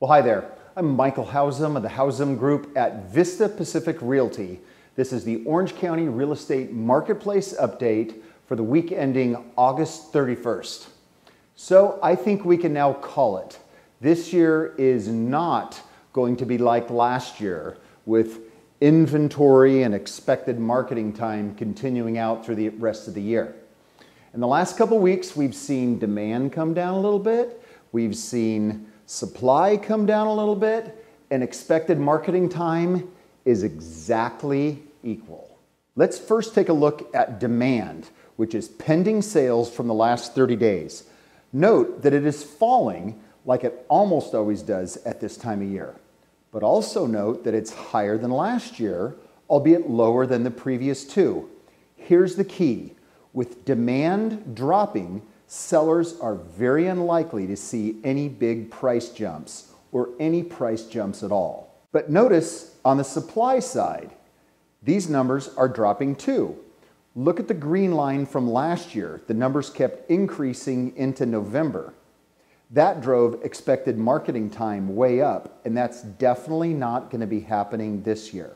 Well, hi there. I'm Michael Hausum of the Hausum Group at Vista Pacific Realty. This is the Orange County Real Estate Marketplace update for the week ending August 31st. So I think we can now call it. This year is not going to be like last year with inventory and expected marketing time continuing out through the rest of the year. In the last couple weeks, we've seen demand come down a little bit. We've seen Supply come down a little bit and expected marketing time is exactly equal. Let's first take a look at demand, which is pending sales from the last 30 days. Note that it is falling like it almost always does at this time of year. But also note that it's higher than last year, albeit lower than the previous two. Here's the key. With demand dropping, sellers are very unlikely to see any big price jumps or any price jumps at all. But notice on the supply side, these numbers are dropping too. Look at the green line from last year. The numbers kept increasing into November. That drove expected marketing time way up, and that's definitely not going to be happening this year.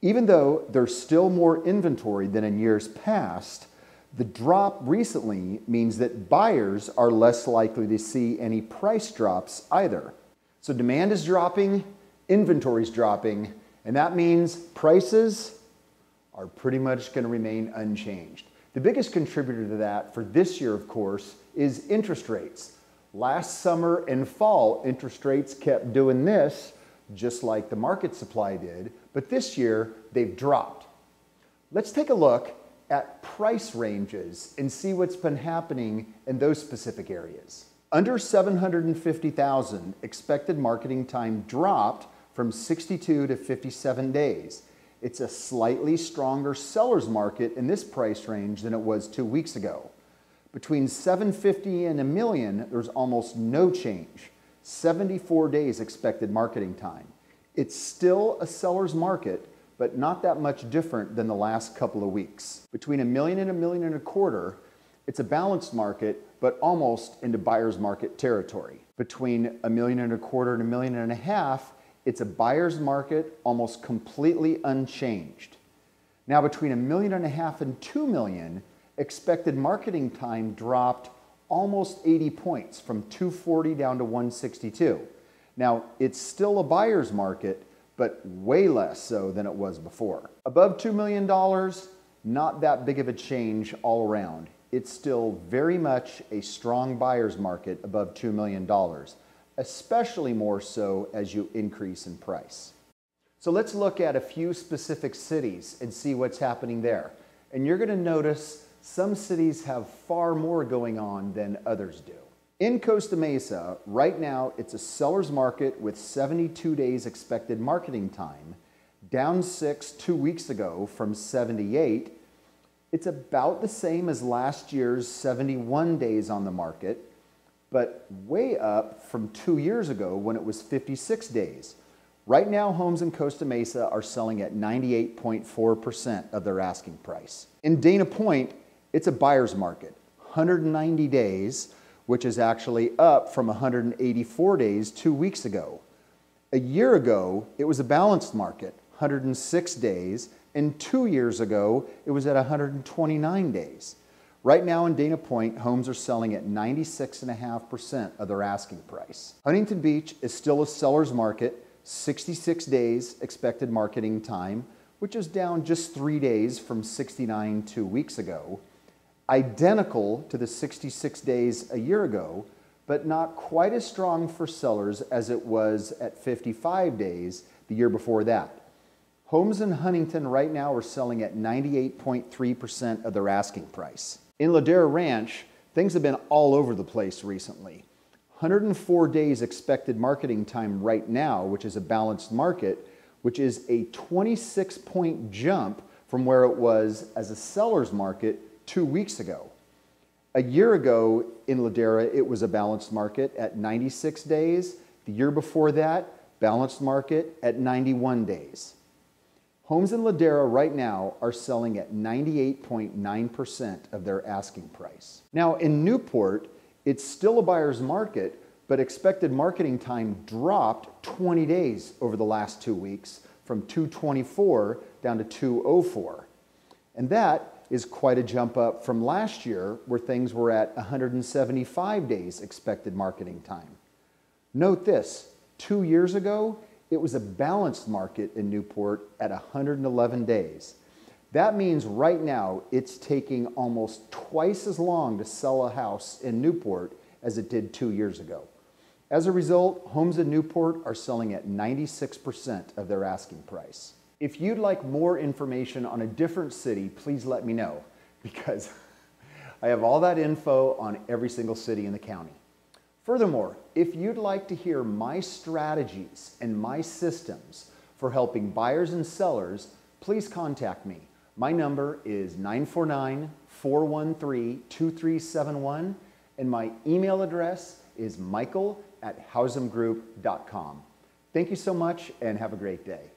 Even though there's still more inventory than in years past, the drop recently means that buyers are less likely to see any price drops either. So demand is dropping, inventory is dropping, and that means prices are pretty much going to remain unchanged. The biggest contributor to that for this year, of course, is interest rates. Last summer and fall, interest rates kept doing this, just like the market supply did, but this year they've dropped. Let's take a look at price ranges and see what's been happening in those specific areas. Under 750,000, expected marketing time dropped from 62 to 57 days. It's a slightly stronger seller's market in this price range than it was two weeks ago. Between 750 and a million, there's almost no change. 74 days expected marketing time. It's still a seller's market, but not that much different than the last couple of weeks. Between a million and a million and a quarter, it's a balanced market, but almost into buyer's market territory. Between a million and a quarter and a million and a half, it's a buyer's market almost completely unchanged. Now, between a million and a half and two million, expected marketing time dropped almost 80 points from 240 down to 162. Now, it's still a buyer's market, but way less so than it was before. Above $2 million, not that big of a change all around. It's still very much a strong buyer's market above $2 million, especially more so as you increase in price. So let's look at a few specific cities and see what's happening there. And you're gonna notice some cities have far more going on than others do. In Costa Mesa, right now it's a seller's market with 72 days expected marketing time, down six two weeks ago from 78. It's about the same as last year's 71 days on the market, but way up from two years ago when it was 56 days. Right now, homes in Costa Mesa are selling at 98.4% of their asking price. In Dana Point, it's a buyer's market, 190 days which is actually up from 184 days two weeks ago. A year ago, it was a balanced market, 106 days, and two years ago, it was at 129 days. Right now in Dana Point, homes are selling at 96.5% of their asking price. Huntington Beach is still a seller's market, 66 days expected marketing time, which is down just three days from 69 two weeks ago identical to the 66 days a year ago, but not quite as strong for sellers as it was at 55 days the year before that. Homes in Huntington right now are selling at 98.3% of their asking price. In Ladera Ranch, things have been all over the place recently. 104 days expected marketing time right now, which is a balanced market, which is a 26 point jump from where it was as a seller's market two weeks ago. A year ago in Ladera, it was a balanced market at 96 days. The year before that, balanced market at 91 days. Homes in Ladera right now are selling at 98.9% of their asking price. Now in Newport, it's still a buyer's market, but expected marketing time dropped 20 days over the last two weeks from 224 down to 204. And that is quite a jump up from last year, where things were at 175 days expected marketing time. Note this two years ago, it was a balanced market in Newport at 111 days. That means right now it's taking almost twice as long to sell a house in Newport as it did two years ago. As a result, homes in Newport are selling at 96% of their asking price. If you'd like more information on a different city, please let me know because I have all that info on every single city in the county. Furthermore, if you'd like to hear my strategies and my systems for helping buyers and sellers, please contact me. My number is 949 413 2371, and my email address is michael at housemgroup.com. Thank you so much and have a great day.